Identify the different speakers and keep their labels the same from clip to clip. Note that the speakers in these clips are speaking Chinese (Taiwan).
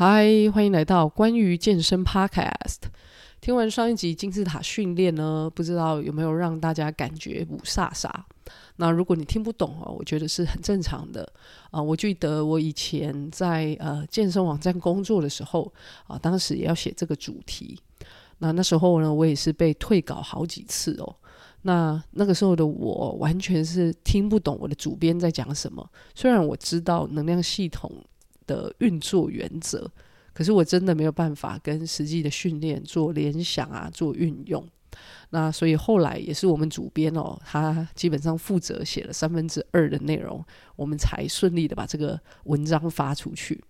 Speaker 1: 嗨，歡迎來到關於健身 Podcast。聽完上一集金字塔訓練呢，不知道有沒有讓大家感覺霧煞煞？那如果你聽不懂啊，我覺得是很正常的啊。我記得我以前在呃健身網站工作的時候啊，當時也要寫這個主題。那那時候呢，我也是被退稿好幾次哦。那那個時候的我，完全是聽不懂我的主編在講什麼。雖然我知道能量系統。的運作原則，可是我真的沒有辦法跟實際的訓練做聯想啊，做運用。那所以後來也是我們主編哦、喔，他基本上負責寫了三分之二的內容，我們才順利的把這個文章發出去。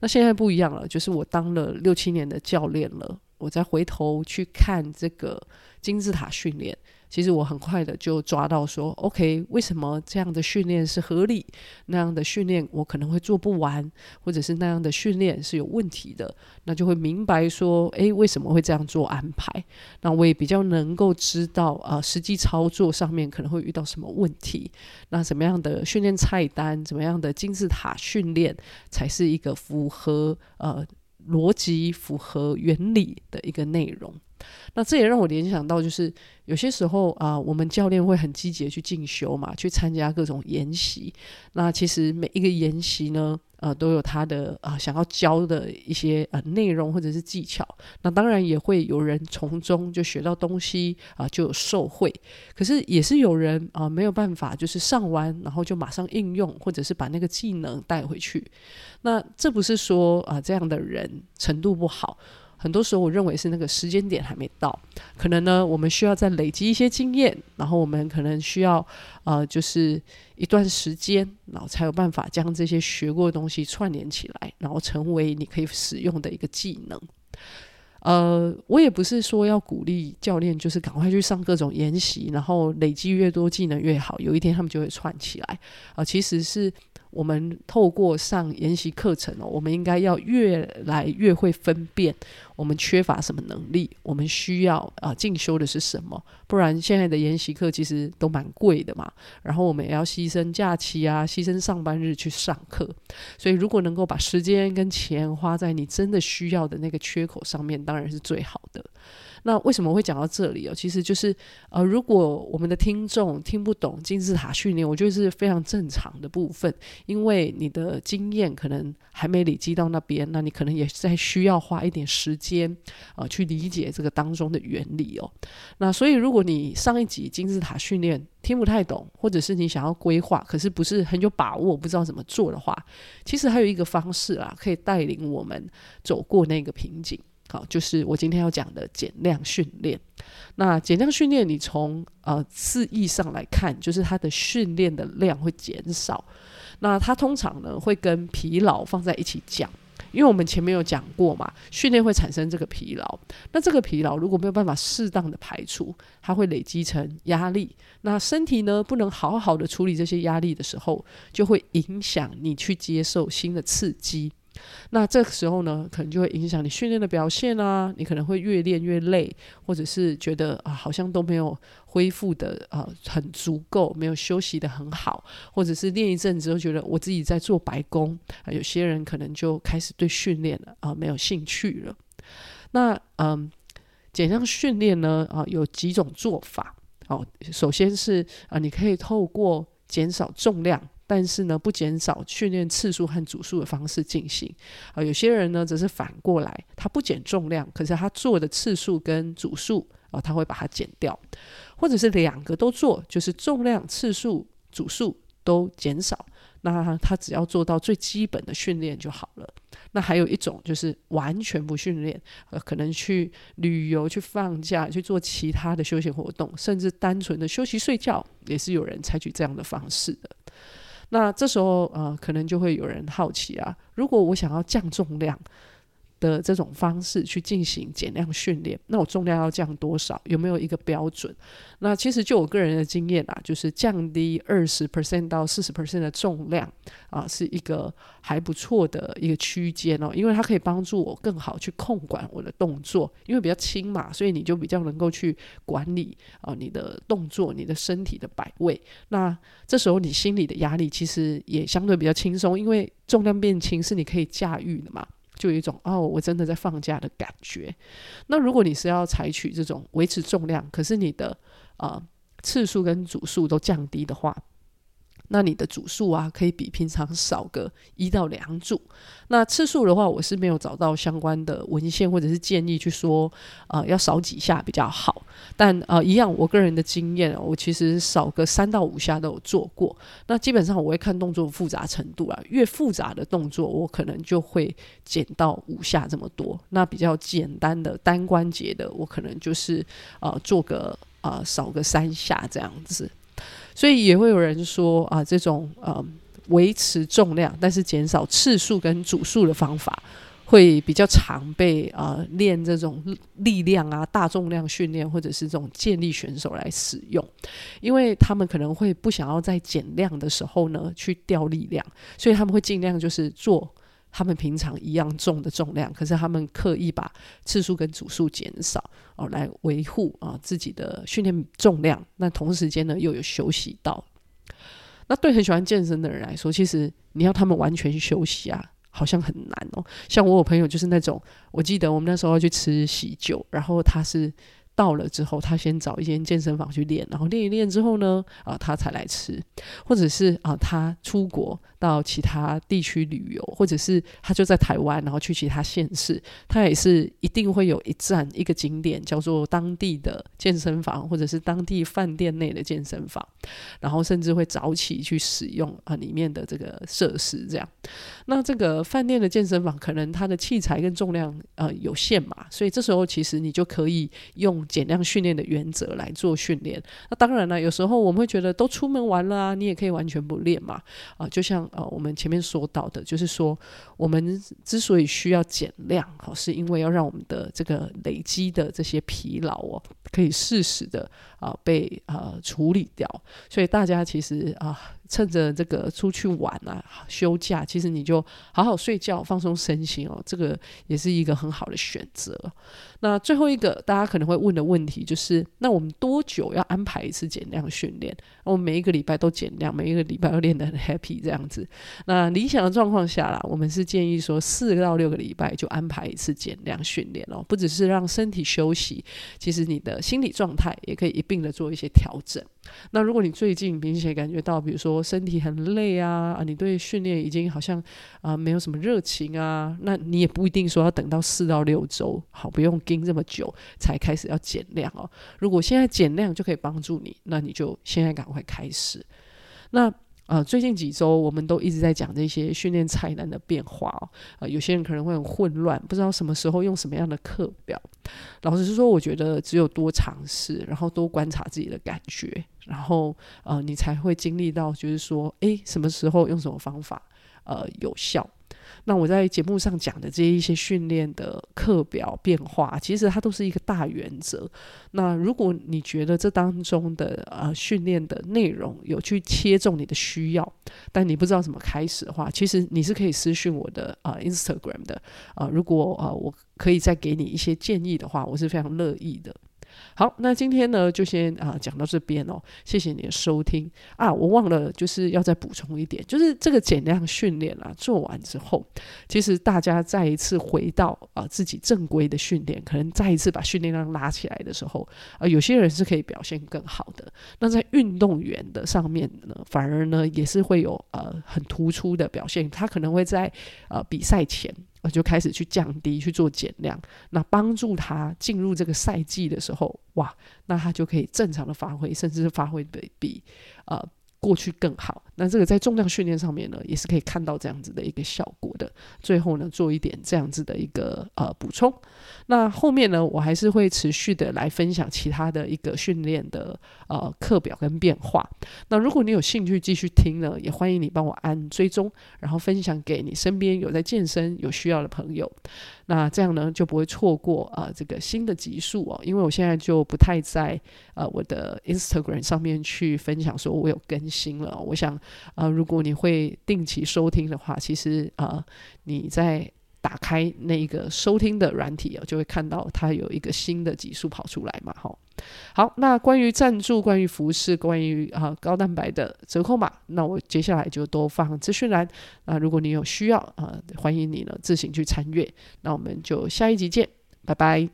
Speaker 1: 那現在不一樣了，就是我當了六七年的教練了，我再回頭去看這個金字塔訓練。其實我很快的就抓到說，OK，為什麼這樣的訓練是合理？那樣的訓練我可能會做不完，或者是那樣的訓練是有問題的，那就會明白說，哎，為什麼會這樣做安排？那我也比較能夠知道啊、呃，實際操作上面可能會遇到什麼問題？那什麼樣的訓練菜單，怎麼樣的金字塔訓練才是一個符合呃邏輯、符合原理的一個內容。那這也讓我聯想到，就是有些時候啊，我們教練會很積極地去進修嘛，去參加各種研習。那其實每一個研習呢，呃，都有他的啊想要教的一些啊內容或者是技巧。那當然也會有人從中就學到東西啊，就有受惠。可是也是有人啊沒有辦法，就是上完然後就馬上應用，或者是把那個技能帶回去。那這不是說啊這樣的人程度不好。很多時候，我認為是那個時間點還沒到，可能呢，我們需要再累積一些經驗，然後我們可能需要呃，就是一段時間，然後才有辦法將這些學過的東西串聯起來，然後成為你可以使用的一個技能。呃，我也不是說要鼓勵教練，就是趕快去上各種研習，然後累積越多技能越好，有一天他們就會串起來。呃，其實是。我們透過上研習課程哦，我們應該要越來越會分辨，我們缺乏什麼能力，我們需要啊、呃、進修的是什麼？不然現在的研習課其實都蠻貴的嘛，然後我們也要犧牲假期啊，犧牲上班日去上課。所以如果能夠把時間跟錢花在你真的需要的那個缺口上面，當然是最好的。那為什麼我會講到這裡哦？其實就是，呃，如果我們的聽眾聽不懂金字塔訓練，我覺得是非常正常的部分，因為你的經驗可能還沒累積到那邊，那你可能也在需要花一點時間啊、呃，去理解這個當中的原理哦。那所以，如果你上一集金字塔訓練聽不太懂，或者是你想要規劃，可是不是很有把握，不知道怎麼做的話，其實還有一個方式啊，可以帶領我們走過那個瓶頸。好，就是我今天要講的減量訓練。那減量訓練，你從呃字義上來看，就是它的訓練的量會減少。那它通常呢會跟疲勞放在一起講，因為我們前面有講過嘛，訓練會產生這個疲勞。那這個疲勞如果沒有辦法適當的排除，它會累積成壓力。那身體呢不能好好的處理這些壓力的時候，就會影響你去接受新的刺激。那這個時候呢，可能就會影響你訓練的表現啊，你可能會越練越累，或者是覺得啊，好像都沒有恢復的啊，很足夠，沒有休息的很好，或者是練一陣子之後覺得我自己在做白工，啊，有些人可能就開始對訓練了啊沒有興趣了。那嗯，減量訓練呢啊有幾種做法哦，啊，首先是啊你可以透過減少重量。但是呢，不減少訓練次數和組數的方式進行。呃，有些人呢，則是反過來，他不減重量，可是他做的次數跟組數啊，呃，他會把它減掉，或者是兩個都做，就是重量、次數、組數都減少。那他只要做到最基本的訓練就好了。那還有一種就是完全不訓練，呃，可能去旅遊、去放假、去做其他的休閒活動，甚至單純的休息睡覺，也是有人採取這樣的方式的。那這時候，呃，可能就會有人好奇啊，如果我想要降重量的這種方式去進行減量訓練，那我重量要降多少？有沒有一個標準？那其實就我個人的經驗啊，就是降低二十 percent 到四十 percent 的重量啊，是一個還不錯的一個區間哦，因為它可以幫助我更好去控管我的動作，因為比較輕嘛，所以你就比較能夠去管理啊你的動作、你的身體的擺位。那這時候你心理的壓力其實也相對比較輕鬆，因為重量變輕是你可以駕馭的嘛。就有一種哦，我真的在放假的感覺。那如果你是要採取這種維持重量，可是你的呃次數跟組數都降低的話。那你的組數啊，可以比平常少個一到兩組。那次數的話，我是沒有找到相關的文獻或者是建議去說啊、呃，要少幾下比較好。但啊、呃，一樣，我個人的經驗，我其實少個三到五下都有做過。那基本上我會看動作複雜程度啊，越複雜的動作，我可能就會減到五下這麼多。那比較簡單的單關節的，我可能就是啊、呃，做個啊、呃，少個三下這樣子。所以也會有人說啊、呃，這種呃維持重量，但是減少次數跟組數的方法，會比較常被呃練這種力量啊、大重量訓練或者是這種健力選手來使用，因為他們可能會不想要在減量的時候呢去掉力量，所以他們會盡量就是做。他們平常一樣重的重量，可是他們刻意把次數跟組數減少哦，來維護啊、哦、自己的訓練重量。那同時間呢又有休息到。那對很喜歡健身的人來說，其實你要他們完全休息啊，好像很難哦。像我有朋友就是那種，我記得我們那時候要去吃喜酒，然後他是。到了之後，他先找一間健身房去練，然後練一練之後呢，啊，他才來吃，或者是啊，他出國到其他地區旅遊，或者是他就在台灣，然後去其他縣市，他也是一定會有一站一個景點叫做當地的健身房，或者是當地飯店內的健身房，然後甚至會早起去使用啊裡面的這個設施。這樣，那這個飯店的健身房可能它的器材跟重量呃，啊，有限嘛，所以這時候其實你就可以用，減量訓練的原則來做訓練，那當然了，有時候我們會覺得都出門玩了啊，你也可以完全不練嘛啊，呃，就像呃我們前面說到的，就是說我們之所以需要減量，哦，是因為要讓我們的這個累積的這些疲勞哦，可以適時的啊，呃，被啊，呃，處理掉，所以大家其實啊。趁着這個出去玩啊，休假，其實你就好好睡覺，放鬆身心哦，這個也是一個很好的選擇。那最後一個大家可能會問的問題就是，那我們多久要安排一次減量訓練？我們每一個禮拜都減量，每一個禮拜都練得很 happy 這樣子。那理想的狀況下啦，我們是建議說四個到六個禮拜就安排一次減量訓練哦，不只是讓身體休息，其實你的心理狀態也可以一併的做一些調整。那如果你最近明顯感覺到，比如說身體很累啊，啊，你對訓練已經好像啊沒有什麼熱情啊，那你也不一定說要等到四到六周，好，不用盯這麼久才開始要減量哦。如果現在減量就可以幫助你，那你就現在趕快開始。那。呃，最近幾週我們都一直在講這些訓練菜單的變化哦。呃，有些人可能會很混亂，不知道什麼時候用什麼樣的課表。老實說，我覺得只有多嘗試，然後多觀察自己的感覺，然後呃，你才會經歷到，就是說，哎，什麼時候用什麼方法，呃，有效。那我在節目上講的這一些訓練的課表變化，其實它都是一個大原則。那如果你覺得這當中的呃訓練的內容有去切中你的需要，但你不知道怎麼開始的話，其實你是可以私訊我的啊、呃、Instagram 的啊、呃。如果啊、呃、我可以再給你一些建議的話，我是非常樂意的。好，那今天呢就先啊、呃、講到這邊哦，謝謝你的收聽啊。我忘了就是要再補充一點，就是這個減量訓練啊做完之後，其實大家再一次回到啊、呃、自己正規的訓練，可能再一次把訓練量拉起來的時候，啊、呃、有些人是可以表現更好的。那在運動員的上面呢，反而呢也是會有呃很突出的表現，他可能會在呃比賽前，我就開始去降低，去做減量，那幫助他進入這個賽季的時候，哇，那他就可以正常的發揮，甚至是發揮的比呃過去更好。那這個在重量訓練上面呢，也是可以看到這樣子的一個效果的。最後呢，做一點這樣子的一個呃補充。那後面呢，我還是會持續的來分享其他的一個訓練的呃課表跟變化。那如果你有興趣繼續聽呢，也歡迎你幫我按追蹤，然後分享給你身邊有在健身有需要的朋友。那這樣呢，就不會錯過啊、呃、這個新的集數哦。因為我現在就不太在呃我的 Instagram 上面去分享，說我有更新了。我想。啊，如果你會定期收聽的話，其實啊，你在打開那個收聽的軟體，啊，就會看到它有一個新的集數跑出來嘛，哈、哦。好，那關於贊助、關於服飾、關於啊高蛋白的折扣碼，那我接下來就都放資訊欄。啊。如果你有需要啊，歡迎你呢自行去參閱。那我們就下一集見，拜拜。